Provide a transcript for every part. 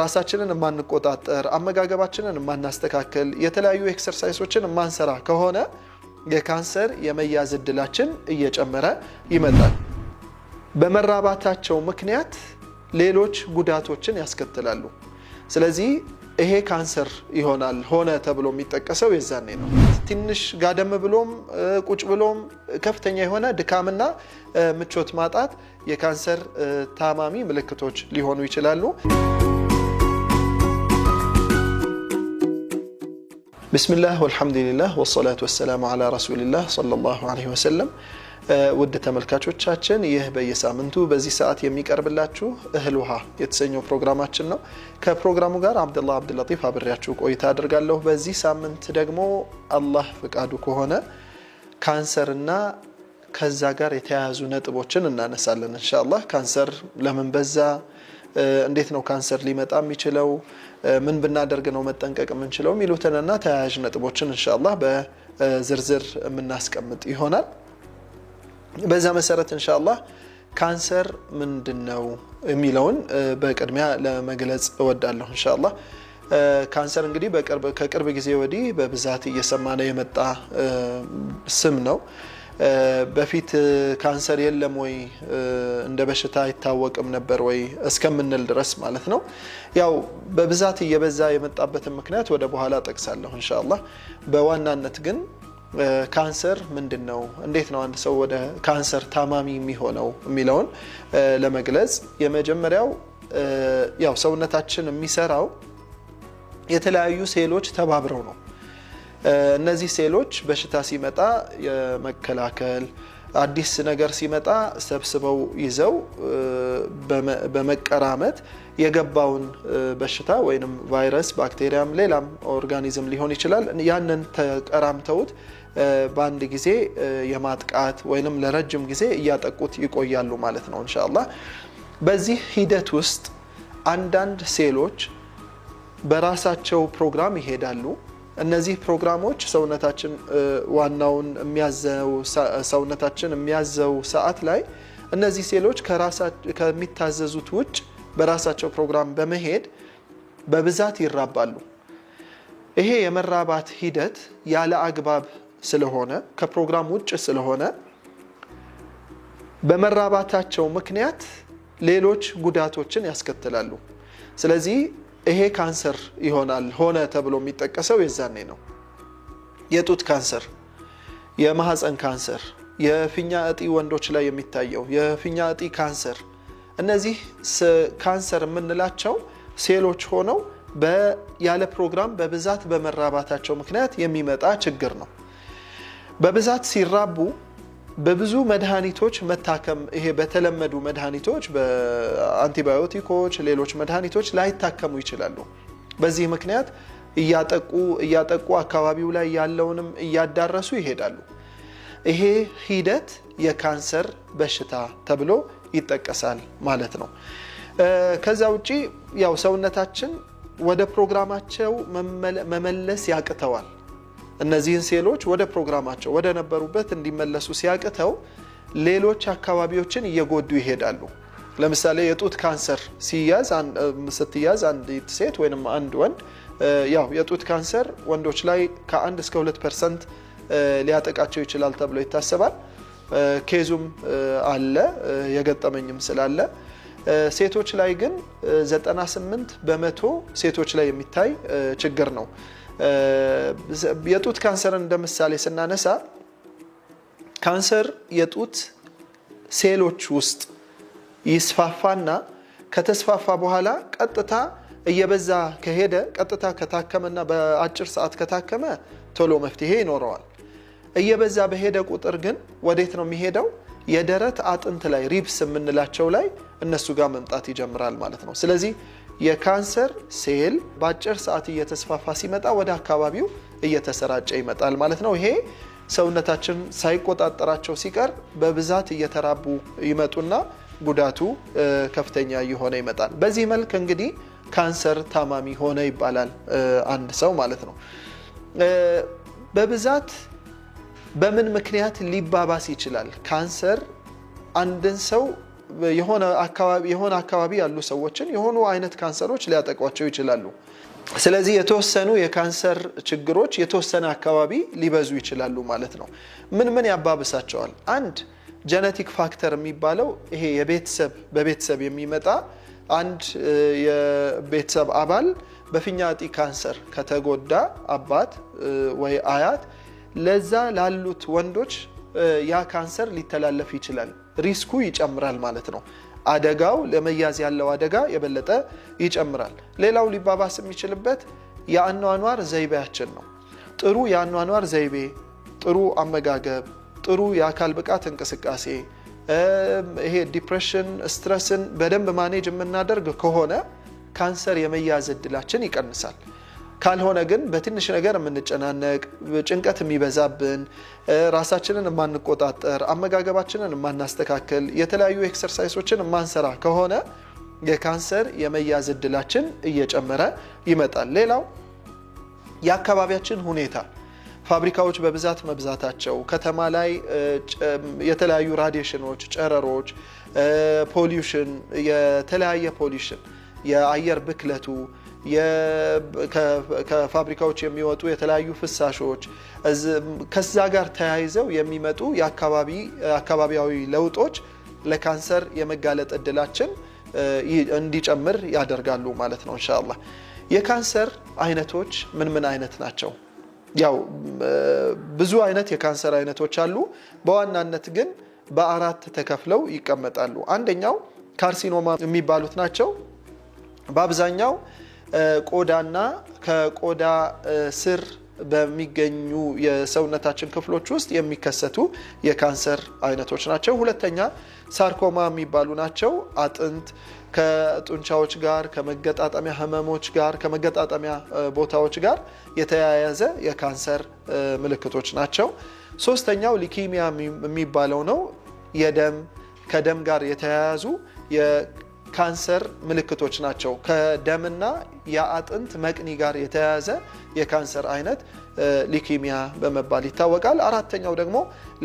ራሳችንን የማንቆጣጠር አመጋገባችንን የማናስተካከል የተለያዩ ኤክሰርሳይሶችን የማንሰራ ከሆነ የካንሰር የመያዝ እድላችን እየጨመረ ይመጣል። በመራባታቸው ምክንያት ሌሎች ጉዳቶችን ያስከትላሉ። ስለዚህ ይሄ ካንሰር ይሆናል ሆነ ተብሎ የሚጠቀሰው የዛኔ ነው። ትንሽ ጋደም ብሎም ቁጭ ብሎም ከፍተኛ የሆነ ድካምና ምቾት ማጣት የካንሰር ታማሚ ምልክቶች ሊሆኑ ይችላሉ። ብስሚላህ ወልሐምዱሊላህ ወሰላቱ ወሰላሙ አላ ረሱሊላህ ሰለላሁ ዐለይሂ ወሰለም። ውድ ተመልካቾቻችን ይህ በየሳምንቱ በዚህ ሰዓት የሚቀርብላችሁ እህል ውሃ የተሰኘው ፕሮግራማችን ነው። ከፕሮግራሙ ጋር አብደላ አብድላጢፍ አብሬያችሁ ቆይታ አድርጋለሁ። በዚህ ሳምንት ደግሞ አላህ ፍቃዱ ከሆነ ካንሰርና ከዛ ጋር የተያያዙ ነጥቦችን እናነሳለን። እንሻ ካንሰር ለምን በዛ? እንዴት ነው ካንሰር ሊመጣ የሚችለው? ምን ብናደርግ ነው መጠንቀቅ የምንችለው የሚሉትንና ተያያዥ ነጥቦችን እንሻላ በዝርዝር የምናስቀምጥ ይሆናል። በዛ መሰረት እንሻላህ ካንሰር ምንድን ነው የሚለውን በቅድሚያ ለመግለጽ እወዳለሁ። እንሻላ ካንሰር እንግዲህ ከቅርብ ጊዜ ወዲህ በብዛት እየሰማነ የመጣ ስም ነው። በፊት ካንሰር የለም ወይ እንደ በሽታ አይታወቅም ነበር ወይ እስከምንል ድረስ ማለት ነው። ያው በብዛት እየበዛ የመጣበትን ምክንያት ወደ በኋላ ጠቅሳለሁ እንሻላ። በዋናነት ግን ካንሰር ምንድን ነው፣ እንዴት ነው አንድ ሰው ወደ ካንሰር ታማሚ የሚሆነው የሚለውን ለመግለጽ የመጀመሪያው ያው ሰውነታችን የሚሰራው የተለያዩ ሴሎች ተባብረው ነው እነዚህ ሴሎች በሽታ ሲመጣ የመከላከል አዲስ ነገር ሲመጣ ሰብስበው ይዘው በመቀራመት የገባውን በሽታ ወይም ቫይረስ፣ ባክቴሪያም፣ ሌላም ኦርጋኒዝም ሊሆን ይችላል። ያንን ተቀራምተውት በአንድ ጊዜ የማጥቃት ወይም ለረጅም ጊዜ እያጠቁት ይቆያሉ ማለት ነው። እንሻላ በዚህ ሂደት ውስጥ አንዳንድ ሴሎች በራሳቸው ፕሮግራም ይሄዳሉ። እነዚህ ፕሮግራሞች ሰውነታችን ዋናውን የሚያዘው ሰውነታችን የሚያዘው ሰዓት ላይ እነዚህ ሴሎች ከሚታዘዙት ውጭ በራሳቸው ፕሮግራም በመሄድ በብዛት ይራባሉ። ይሄ የመራባት ሂደት ያለ አግባብ ስለሆነ ከፕሮግራም ውጭ ስለሆነ በመራባታቸው ምክንያት ሌሎች ጉዳቶችን ያስከትላሉ። ስለዚህ ይሄ ካንሰር ይሆናል ሆነ ተብሎ የሚጠቀሰው የዛኔ ነው። የጡት ካንሰር፣ የማህፀን ካንሰር፣ የፊኛ እጢ ወንዶች ላይ የሚታየው የፊኛ እጢ ካንሰር፣ እነዚህ ካንሰር የምንላቸው ሴሎች ሆነው ያለ ፕሮግራም በብዛት በመራባታቸው ምክንያት የሚመጣ ችግር ነው። በብዛት ሲራቡ በብዙ መድኃኒቶች መታከም ይሄ በተለመዱ መድኃኒቶች በአንቲባዮቲኮች፣ ሌሎች መድኃኒቶች ላይታከሙ ይችላሉ። በዚህ ምክንያት እያጠቁ እያጠቁ አካባቢው ላይ ያለውንም እያዳረሱ ይሄዳሉ። ይሄ ሂደት የካንሰር በሽታ ተብሎ ይጠቀሳል ማለት ነው። ከዛ ውጪ ያው ሰውነታችን ወደ ፕሮግራማቸው መመለስ ያቅተዋል። እነዚህን ሴሎች ወደ ፕሮግራማቸው ወደ ነበሩበት እንዲመለሱ ሲያቅተው ሌሎች አካባቢዎችን እየጎዱ ይሄዳሉ። ለምሳሌ የጡት ካንሰር ስትያዝ አንዲት ሴት ወይም አንድ ወንድ ያው የጡት ካንሰር ወንዶች ላይ ከአንድ እስከ ሁለት ፐርሰንት ሊያጠቃቸው ይችላል ተብሎ ይታሰባል። ኬዙም አለ የገጠመኝም ስላለ ሴቶች ላይ ግን 98 በመቶ ሴቶች ላይ የሚታይ ችግር ነው። የጡት ካንሰርን እንደምሳሌ ስናነሳ ካንሰር የጡት ሴሎች ውስጥ ይስፋፋና ከተስፋፋ በኋላ ቀጥታ እየበዛ ከሄደ ቀጥታ ከታከመና በአጭር ሰዓት ከታከመ ቶሎ መፍትሄ ይኖረዋል። እየበዛ በሄደ ቁጥር ግን ወዴት ነው የሚሄደው? የደረት አጥንት ላይ ሪብስ የምንላቸው ላይ እነሱ ጋር መምጣት ይጀምራል ማለት ነው። ስለዚህ የካንሰር ሴል በአጭር ሰዓት እየተስፋፋ ሲመጣ ወደ አካባቢው እየተሰራጨ ይመጣል ማለት ነው። ይሄ ሰውነታችን ሳይቆጣጠራቸው ሲቀር በብዛት እየተራቡ ይመጡና ጉዳቱ ከፍተኛ እየሆነ ይመጣል። በዚህ መልክ እንግዲህ ካንሰር ታማሚ ሆነ ይባላል አንድ ሰው ማለት ነው። በብዛት በምን ምክንያት ሊባባስ ይችላል? ካንሰር አንድን ሰው የሆነ አካባቢ ያሉ ሰዎችን የሆኑ አይነት ካንሰሮች ሊያጠቋቸው ይችላሉ። ስለዚህ የተወሰኑ የካንሰር ችግሮች የተወሰነ አካባቢ ሊበዙ ይችላሉ ማለት ነው። ምን ምን ያባብሳቸዋል? አንድ ጀነቲክ ፋክተር የሚባለው ይሄ የቤተሰብ በቤተሰብ የሚመጣ አንድ የቤተሰብ አባል በፊኛ እጢ ካንሰር ከተጎዳ አባት ወይ አያት ለዛ ላሉት ወንዶች ያ ካንሰር ሊተላለፍ ይችላል። ሪስኩ ይጨምራል ማለት ነው። አደጋው ለመያዝ ያለው አደጋ የበለጠ ይጨምራል። ሌላው ሊባባስ የሚችልበት የአኗኗር ዘይቤያችን ነው። ጥሩ የአኗኗር ዘይቤ፣ ጥሩ አመጋገብ፣ ጥሩ የአካል ብቃት እንቅስቃሴ፣ ይሄ ዲፕሬሽን፣ ስትረስን በደንብ ማኔጅ የምናደርግ ከሆነ ካንሰር የመያዝ እድላችን ይቀንሳል። ካልሆነ ግን በትንሽ ነገር የምንጨናነቅ ጭንቀት የሚበዛብን ራሳችንን የማንቆጣጠር አመጋገባችንን የማናስተካከል የተለያዩ ኤክሰርሳይሶችን የማንሰራ ከሆነ የካንሰር የመያዝ እድላችን እየጨመረ ይመጣል። ሌላው የአካባቢያችን ሁኔታ ፋብሪካዎች በብዛት መብዛታቸው፣ ከተማ ላይ የተለያዩ ራዲሽኖች፣ ጨረሮች፣ ፖሊሽን፣ የተለያየ ፖሊሽን፣ የአየር ብክለቱ ከፋብሪካዎች የሚወጡ የተለያዩ ፍሳሾች ከዛ ጋር ተያይዘው የሚመጡ የአካባቢያዊ ለውጦች ለካንሰር የመጋለጥ እድላችን እንዲጨምር ያደርጋሉ ማለት ነው። እንሻላ የካንሰር አይነቶች ምን ምን አይነት ናቸው? ያው ብዙ አይነት የካንሰር አይነቶች አሉ። በዋናነት ግን በአራት ተከፍለው ይቀመጣሉ። አንደኛው ካርሲኖማ የሚባሉት ናቸው። በአብዛኛው ቆዳና ከቆዳ ስር በሚገኙ የሰውነታችን ክፍሎች ውስጥ የሚከሰቱ የካንሰር አይነቶች ናቸው። ሁለተኛ ሳርኮማ የሚባሉ ናቸው። አጥንት ከጡንቻዎች ጋር ከመገጣጠሚያ ህመሞች ጋር ከመገጣጠሚያ ቦታዎች ጋር የተያያዘ የካንሰር ምልክቶች ናቸው። ሶስተኛው ሊኪሚያ የሚባለው ነው። የደም ከደም ጋር የተያያዙ ካንሰር ምልክቶች ናቸው። ከደምና የአጥንት መቅኒ ጋር የተያያዘ የካንሰር አይነት ሊኪሚያ በመባል ይታወቃል። አራተኛው ደግሞ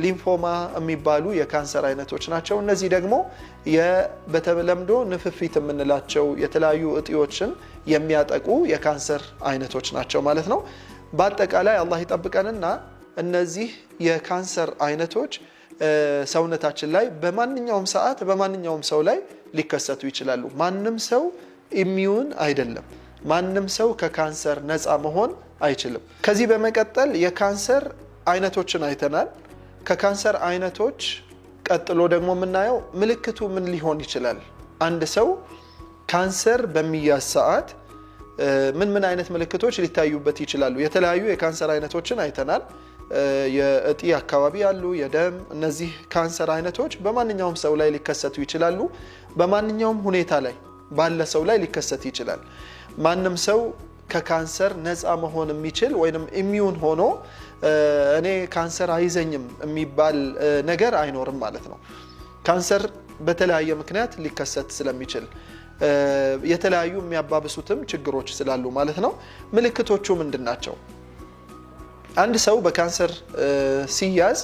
ሊምፎማ የሚባሉ የካንሰር አይነቶች ናቸው። እነዚህ ደግሞ በተለምዶ ንፍፊት የምንላቸው የተለያዩ እጢዎችን የሚያጠቁ የካንሰር አይነቶች ናቸው ማለት ነው። በአጠቃላይ አላህ ይጠብቀንና እነዚህ የካንሰር አይነቶች ሰውነታችን ላይ በማንኛውም ሰዓት በማንኛውም ሰው ላይ ሊከሰቱ ይችላሉ። ማንም ሰው ኢሚዩን አይደለም። ማንም ሰው ከካንሰር ነፃ መሆን አይችልም። ከዚህ በመቀጠል የካንሰር አይነቶችን አይተናል። ከካንሰር አይነቶች ቀጥሎ ደግሞ የምናየው ምልክቱ ምን ሊሆን ይችላል? አንድ ሰው ካንሰር በሚያዝ ሰዓት ምን ምን አይነት ምልክቶች ሊታዩበት ይችላሉ? የተለያዩ የካንሰር አይነቶችን አይተናል። የእጢ አካባቢ ያሉ፣ የደም እነዚህ ካንሰር አይነቶች በማንኛውም ሰው ላይ ሊከሰቱ ይችላሉ። በማንኛውም ሁኔታ ላይ ባለ ሰው ላይ ሊከሰት ይችላል። ማንም ሰው ከካንሰር ነፃ መሆን የሚችል ወይም ኢሚዩን ሆኖ እኔ ካንሰር አይዘኝም የሚባል ነገር አይኖርም ማለት ነው። ካንሰር በተለያየ ምክንያት ሊከሰት ስለሚችል የተለያዩ የሚያባብሱትም ችግሮች ስላሉ ማለት ነው። ምልክቶቹ ምንድን ናቸው? አንድ ሰው በካንሰር ሲያዝ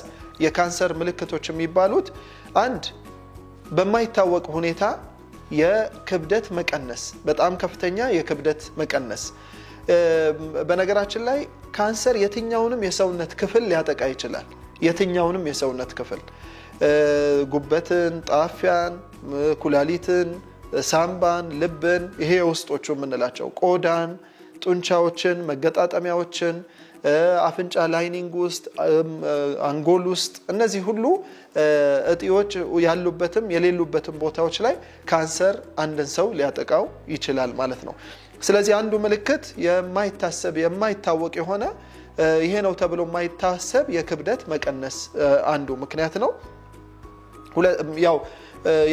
የካንሰር ምልክቶች የሚባሉት አንድ በማይታወቅ ሁኔታ የክብደት መቀነስ፣ በጣም ከፍተኛ የክብደት መቀነስ። በነገራችን ላይ ካንሰር የትኛውንም የሰውነት ክፍል ሊያጠቃ ይችላል። የትኛውንም የሰውነት ክፍል ጉበትን፣ ጣፊያን፣ ኩላሊትን፣ ሳምባን፣ ልብን፣ ይሄ የውስጦቹ የምንላቸው ቆዳን ጡንቻዎችን፣ መገጣጠሚያዎችን፣ አፍንጫ ላይኒንግ ውስጥ፣ አንጎል ውስጥ እነዚህ ሁሉ እጢዎች ያሉበትም የሌሉበትም ቦታዎች ላይ ካንሰር አንድን ሰው ሊያጠቃው ይችላል ማለት ነው። ስለዚህ አንዱ ምልክት የማይታሰብ የማይታወቅ የሆነ ይሄ ነው ተብሎ የማይታሰብ የክብደት መቀነስ አንዱ ምክንያት ነው። ያው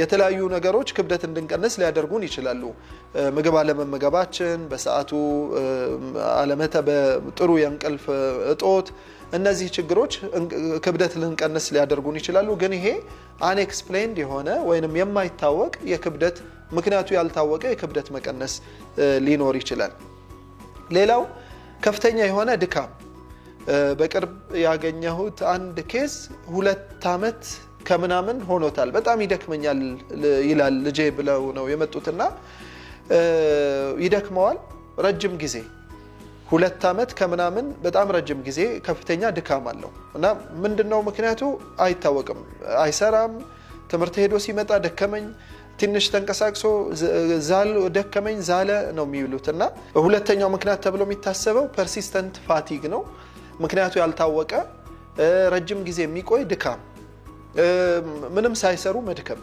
የተለያዩ ነገሮች ክብደት እንድንቀንስ ሊያደርጉን ይችላሉ። ምግብ አለመመገባችን፣ በሰዓቱ አለመተ በጥሩ የእንቅልፍ እጦት እነዚህ ችግሮች ክብደት ልንቀንስ ሊያደርጉን ይችላሉ። ግን ይሄ አንኤክስፕሌንድ የሆነ ወይንም የማይታወቅ የክብደት ምክንያቱ ያልታወቀ የክብደት መቀነስ ሊኖር ይችላል። ሌላው ከፍተኛ የሆነ ድካም። በቅርብ ያገኘሁት አንድ ኬስ ሁለት ዓመት ከምናምን ሆኖታል። በጣም ይደክመኛል ይላል ልጄ ብለው ነው የመጡትና ይደክመዋል። ረጅም ጊዜ ሁለት ዓመት ከምናምን በጣም ረጅም ጊዜ ከፍተኛ ድካም አለው እና ምንድን ነው ምክንያቱ አይታወቅም። አይሰራም። ትምህርት ሄዶ ሲመጣ ደከመኝ፣ ትንሽ ተንቀሳቅሶ ደከመኝ፣ ዛለ ነው የሚሉት እና ሁለተኛው ምክንያት ተብሎ የሚታሰበው ፐርሲስተንት ፋቲግ ነው። ምክንያቱ ያልታወቀ ረጅም ጊዜ የሚቆይ ድካም ምንም ሳይሰሩ መድከም፣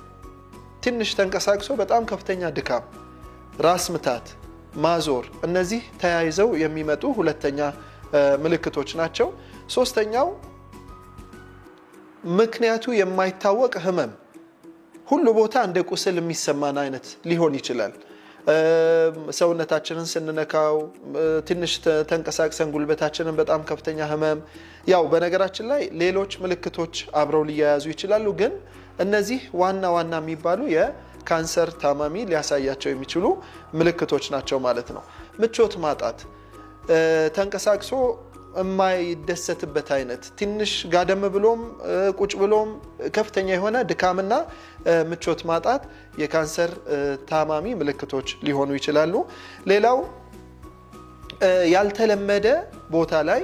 ትንሽ ተንቀሳቅሶ በጣም ከፍተኛ ድካም፣ ራስ ምታት፣ ማዞር፣ እነዚህ ተያይዘው የሚመጡ ሁለተኛ ምልክቶች ናቸው። ሶስተኛው ምክንያቱ የማይታወቅ ህመም ሁሉ ቦታ እንደ ቁስል የሚሰማን አይነት ሊሆን ይችላል። ሰውነታችንን ስንነካው ትንሽ ተንቀሳቅሰን ጉልበታችንን በጣም ከፍተኛ ህመም። ያው በነገራችን ላይ ሌሎች ምልክቶች አብረው ሊያያዙ ይችላሉ፣ ግን እነዚህ ዋና ዋና የሚባሉ የካንሰር ታማሚ ሊያሳያቸው የሚችሉ ምልክቶች ናቸው ማለት ነው። ምቾት ማጣት ተንቀሳቅሶ የማይደሰትበት አይነት ትንሽ ጋደም ብሎም ቁጭ ብሎም ከፍተኛ የሆነ ድካምና ምቾት ማጣት የካንሰር ታማሚ ምልክቶች ሊሆኑ ይችላሉ። ሌላው ያልተለመደ ቦታ ላይ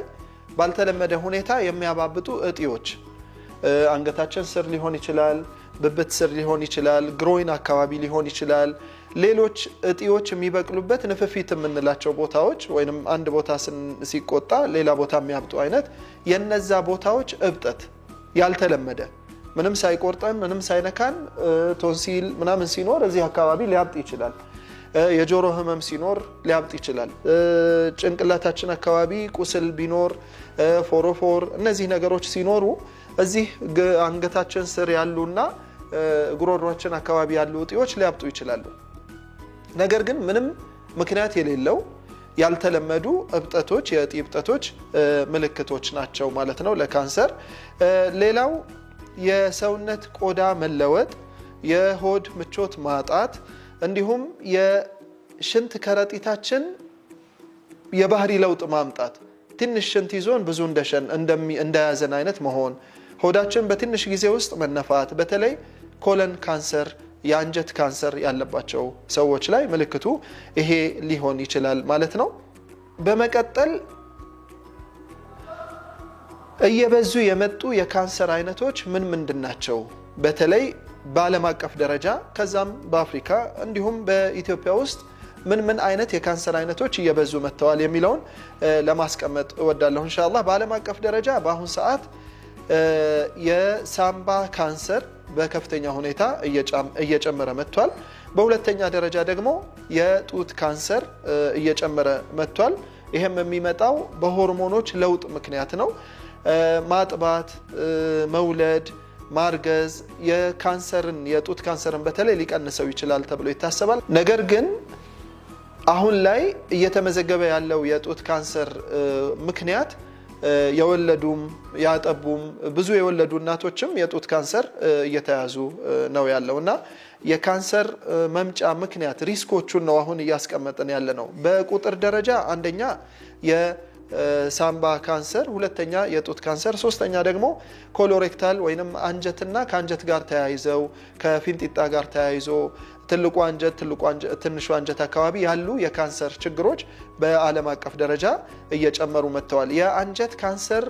ባልተለመደ ሁኔታ የሚያባብጡ እጢዎች አንገታችን ስር ሊሆን ይችላል። ብብት ስር ሊሆን ይችላል፣ ግሮይን አካባቢ ሊሆን ይችላል። ሌሎች እጢዎች የሚበቅሉበት ንፍፊት የምንላቸው ቦታዎች ወይም አንድ ቦታ ሲቆጣ ሌላ ቦታ የሚያብጡ አይነት የነዛ ቦታዎች እብጠት ያልተለመደ ምንም ሳይቆርጠን ምንም ሳይነካን ቶንሲል ምናምን ሲኖር እዚህ አካባቢ ሊያብጥ ይችላል። የጆሮ ህመም ሲኖር ሊያብጥ ይችላል። ጭንቅላታችን አካባቢ ቁስል ቢኖር፣ ፎሮፎር እነዚህ ነገሮች ሲኖሩ እዚህ አንገታችን ስር ያሉና ጉሮሯችን አካባቢ ያሉ እጢዎች ሊያብጡ ይችላሉ። ነገር ግን ምንም ምክንያት የሌለው ያልተለመዱ እብጠቶች የእጢ እብጠቶች ምልክቶች ናቸው ማለት ነው ለካንሰር። ሌላው የሰውነት ቆዳ መለወጥ፣ የሆድ ምቾት ማጣት እንዲሁም የሽንት ከረጢታችን የባህሪ ለውጥ ማምጣት ትንሽ ሽንት ይዞን ብዙ እንደሸን እንደያዘን አይነት መሆን፣ ሆዳችን በትንሽ ጊዜ ውስጥ መነፋት፣ በተለይ ኮለን ካንሰር፣ የአንጀት ካንሰር ያለባቸው ሰዎች ላይ ምልክቱ ይሄ ሊሆን ይችላል ማለት ነው። በመቀጠል እየበዙ የመጡ የካንሰር አይነቶች ምን ምንድን ናቸው? በተለይ በዓለም አቀፍ ደረጃ ከዛም በአፍሪካ እንዲሁም በኢትዮጵያ ውስጥ ምን ምን አይነት የካንሰር አይነቶች እየበዙ መጥተዋል የሚለውን ለማስቀመጥ እወዳለሁ። እንሻላ በዓለም አቀፍ ደረጃ በአሁን ሰዓት የሳምባ ካንሰር በከፍተኛ ሁኔታ እየጨመረ መጥቷል። በሁለተኛ ደረጃ ደግሞ የጡት ካንሰር እየጨመረ መጥቷል። ይህም የሚመጣው በሆርሞኖች ለውጥ ምክንያት ነው። ማጥባት፣ መውለድ፣ ማርገዝ የካንሰርን የጡት ካንሰርን በተለይ ሊቀንሰው ይችላል ተብሎ ይታሰባል። ነገር ግን አሁን ላይ እየተመዘገበ ያለው የጡት ካንሰር ምክንያት የወለዱም ያጠቡም ብዙ የወለዱ እናቶችም የጡት ካንሰር እየተያዙ ነው ያለው እና የካንሰር መምጫ ምክንያት ሪስኮቹን ነው አሁን እያስቀመጥን ያለ ነው። በቁጥር ደረጃ አንደኛ የሳምባ ካንሰር፣ ሁለተኛ የጡት ካንሰር፣ ሶስተኛ ደግሞ ኮሎሬክታል ወይም አንጀትና ከአንጀት ጋር ተያይዘው ከፊንጢጣ ጋር ተያይዞ ትልቁ አንጀት ትንሹ አንጀት አካባቢ ያሉ የካንሰር ችግሮች በዓለም አቀፍ ደረጃ እየጨመሩ መጥተዋል። የአንጀት ካንሰር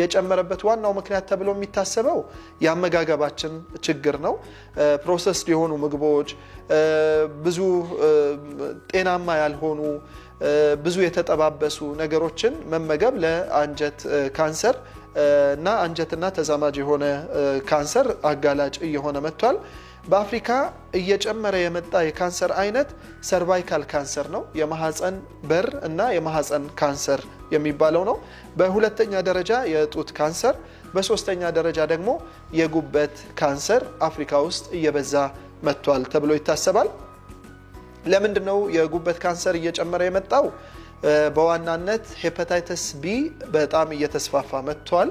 የጨመረበት ዋናው ምክንያት ተብሎ የሚታሰበው የአመጋገባችን ችግር ነው። ፕሮሰስ የሆኑ ምግቦች፣ ብዙ ጤናማ ያልሆኑ ብዙ የተጠባበሱ ነገሮችን መመገብ ለአንጀት ካንሰር እና አንጀትና ተዛማጅ የሆነ ካንሰር አጋላጭ እየሆነ መጥቷል። በአፍሪካ እየጨመረ የመጣ የካንሰር አይነት ሰርቫይካል ካንሰር ነው። የማህፀን በር እና የማህፀን ካንሰር የሚባለው ነው። በሁለተኛ ደረጃ የጡት ካንሰር፣ በሶስተኛ ደረጃ ደግሞ የጉበት ካንሰር አፍሪካ ውስጥ እየበዛ መጥቷል ተብሎ ይታሰባል። ለምንድን ነው የጉበት ካንሰር እየጨመረ የመጣው? በዋናነት ሄፓታይተስ ቢ በጣም እየተስፋፋ መጥቷል።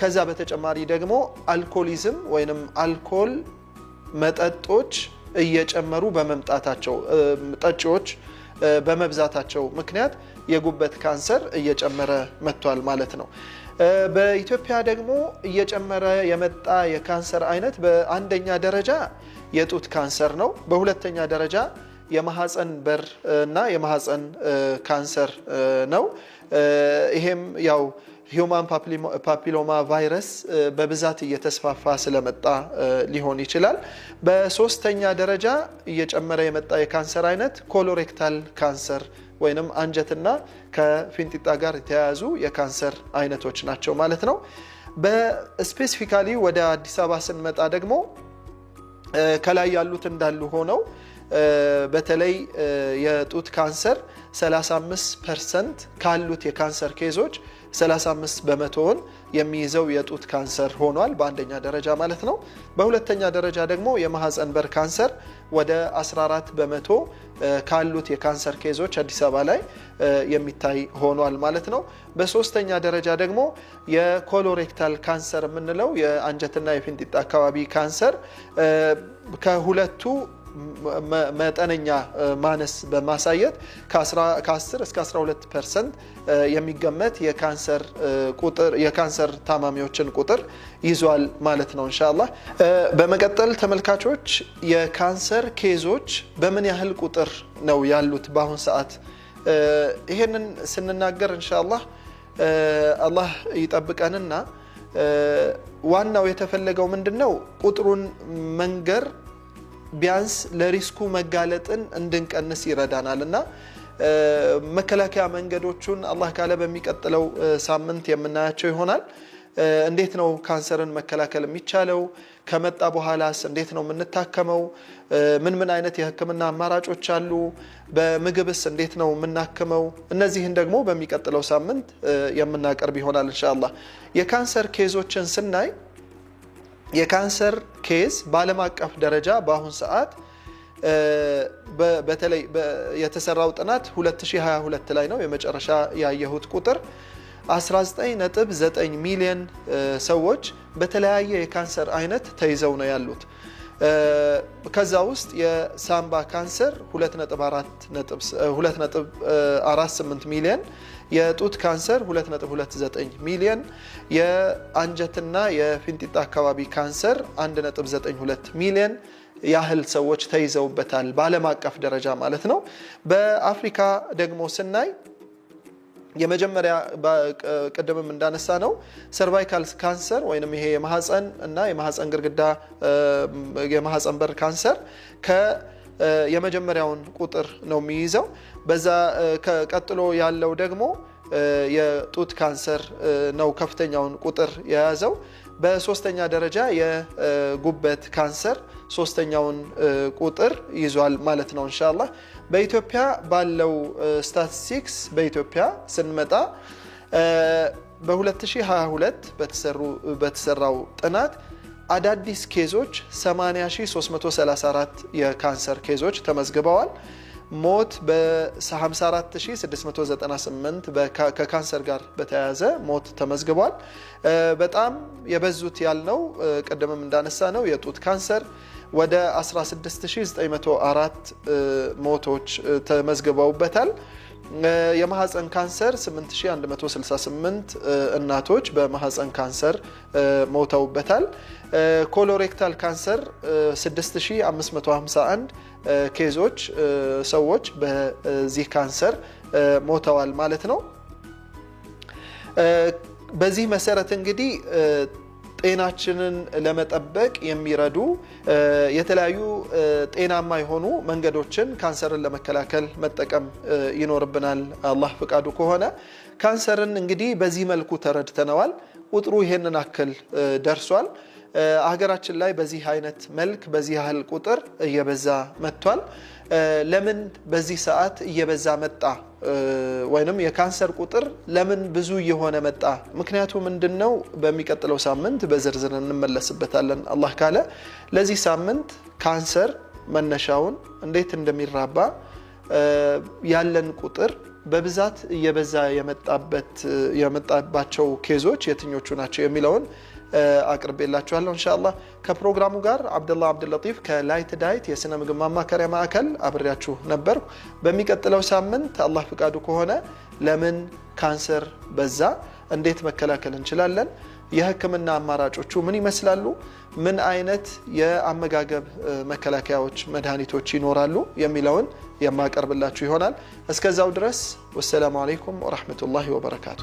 ከዛ በተጨማሪ ደግሞ አልኮሊዝም ወይንም አልኮል መጠጦች እየጨመሩ በመምጣታቸው ጠጪዎች በመብዛታቸው ምክንያት የጉበት ካንሰር እየጨመረ መጥቷል ማለት ነው። በኢትዮጵያ ደግሞ እየጨመረ የመጣ የካንሰር አይነት በአንደኛ ደረጃ የጡት ካንሰር ነው። በሁለተኛ ደረጃ የማህፀን በር እና የማህፀን ካንሰር ነው። ይሄም ያው ሂማን ፓፒሎማ ቫይረስ በብዛት እየተስፋፋ ስለመጣ eh, ሊሆን ይችላል። በሶስተኛ ደረጃ እየጨመረ የመጣ የካንሰር አይነት ኮሎሬክታል ካንሰር ወይንም አንጀትና ከፊንጢጣ ጋር የተያያዙ የካንሰር አይነቶች ናቸው ማለት ነው። በስፔሲፊካሊ ወደ አዲስ አበባ ስንመጣ ደግሞ eh, ከላይ ያሉት እንዳሉ ሆነው eh, በተለይ የጡት ካንሰር 35 ፐርሰንት ካሉት የካንሰር ኬዞች 35 በመቶውን የሚይዘው የጡት ካንሰር ሆኗል፣ በአንደኛ ደረጃ ማለት ነው። በሁለተኛ ደረጃ ደግሞ የማህፀን በር ካንሰር ወደ 14 በመቶ ካሉት የካንሰር ኬዞች አዲስ አበባ ላይ የሚታይ ሆኗል ማለት ነው። በሶስተኛ ደረጃ ደግሞ የኮሎሬክታል ካንሰር የምንለው የአንጀትና የፊንጢጣ አካባቢ ካንሰር ከሁለቱ መጠነኛ ማነስ በማሳየት ከ10 እስከ 12 ፐርሰንት የሚገመት የካንሰር ታማሚዎችን ቁጥር ይዟል ማለት ነው። እንሻላ በመቀጠል ተመልካቾች የካንሰር ኬዞች በምን ያህል ቁጥር ነው ያሉት በአሁን ሰዓት? ይሄንን ስንናገር እንሻላ አላህ ይጠብቀንና ዋናው የተፈለገው ምንድን ነው ቁጥሩን መንገር ቢያንስ ለሪስኩ መጋለጥን እንድንቀንስ ይረዳናል እና መከላከያ መንገዶቹን አላህ ካለ በሚቀጥለው ሳምንት የምናያቸው ይሆናል። እንዴት ነው ካንሰርን መከላከል የሚቻለው? ከመጣ በኋላስ እንዴት ነው የምንታከመው? ምን ምን አይነት የህክምና አማራጮች አሉ? በምግብስ እንዴት ነው የምናክመው? እነዚህን ደግሞ በሚቀጥለው ሳምንት የምናቀርብ ይሆናል እንሻላ የካንሰር ኬዞችን ስናይ የካንሰር ኬስ በዓለም አቀፍ ደረጃ በአሁን ሰዓት በተለይ የተሰራው ጥናት 2022 ላይ ነው የመጨረሻ ያየሁት ቁጥር 19.9 ሚሊዮን ሰዎች በተለያየ የካንሰር አይነት ተይዘው ነው ያሉት። ከዛ ውስጥ የሳምባ ካንሰር 2.48 ሚሊዮን የጡት ካንሰር 2.29 ሚሊዮን፣ የአንጀትና የፊንጢጣ አካባቢ ካንሰር 1.92 ሚሊዮን ያህል ሰዎች ተይዘውበታል፣ በዓለም አቀፍ ደረጃ ማለት ነው። በአፍሪካ ደግሞ ስናይ የመጀመሪያ ቅድምም እንዳነሳ ነው ሰርቫይካል ካንሰር ወይም ይሄ የማህፀን እና የማህፀን ግርግዳ የማህፀን በር ካንሰር ከ የመጀመሪያውን ቁጥር ነው የሚይዘው። በዛ ቀጥሎ ያለው ደግሞ የጡት ካንሰር ነው ከፍተኛውን ቁጥር የያዘው። በሶስተኛ ደረጃ የጉበት ካንሰር ሶስተኛውን ቁጥር ይዟል ማለት ነው። እንሻላ በኢትዮጵያ ባለው ስታቲስቲክስ በኢትዮጵያ ስንመጣ በ2022 በተሰራው ጥናት አዳዲስ ኬዞች 80334 የካንሰር ኬዞች ተመዝግበዋል። ሞት በ54698 ከካንሰር ጋር በተያያዘ ሞት ተመዝግቧል። በጣም የበዙት ያልነው ቅድምም እንዳነሳ ነው የጡት ካንሰር ወደ 16904 ሞቶች ተመዝግበውበታል። የማህፀን ካንሰር 8168 እናቶች በማህፀን ካንሰር ሞተውበታል። ኮሎሬክታል ካንሰር 6551 ኬዞች ሰዎች በዚህ ካንሰር ሞተዋል ማለት ነው። በዚህ መሰረት እንግዲህ ጤናችንን ለመጠበቅ የሚረዱ የተለያዩ ጤናማ የሆኑ መንገዶችን ካንሰርን ለመከላከል መጠቀም ይኖርብናል፣ አላህ ፍቃዱ ከሆነ። ካንሰርን እንግዲህ በዚህ መልኩ ተረድተነዋል። ቁጥሩ ይሄንን አክል ደርሷል። ሀገራችን ላይ በዚህ አይነት መልክ በዚህ ያህል ቁጥር እየበዛ መጥቷል። ለምን በዚህ ሰዓት እየበዛ መጣ ወይንም የካንሰር ቁጥር ለምን ብዙ እየሆነ መጣ? ምክንያቱ ምንድን ነው? በሚቀጥለው ሳምንት በዝርዝር እንመለስበታለን አላህ ካለ። ለዚህ ሳምንት ካንሰር መነሻውን እንዴት እንደሚራባ ያለን ቁጥር በብዛት እየበዛ የመጣባቸው ኬዞች የትኞቹ ናቸው የሚለውን አቅርቤላችኋለሁ። እንሻላ ከፕሮግራሙ ጋር አብደላ አብድለጢፍ ከላይት ዳይት የስነ ምግብ ማማከሪያ ማዕከል አብሬያችሁ ነበርኩ። በሚቀጥለው ሳምንት አላህ ፍቃዱ ከሆነ ለምን ካንሰር በዛ፣ እንዴት መከላከል እንችላለን፣ የህክምና አማራጮቹ ምን ይመስላሉ፣ ምን አይነት የአመጋገብ መከላከያዎች መድኃኒቶች ይኖራሉ የሚለውን የማቀርብላችሁ ይሆናል። እስከዛው ድረስ ወሰላሙ አለይኩም ወረህመቱላሂ ወበረካቱ።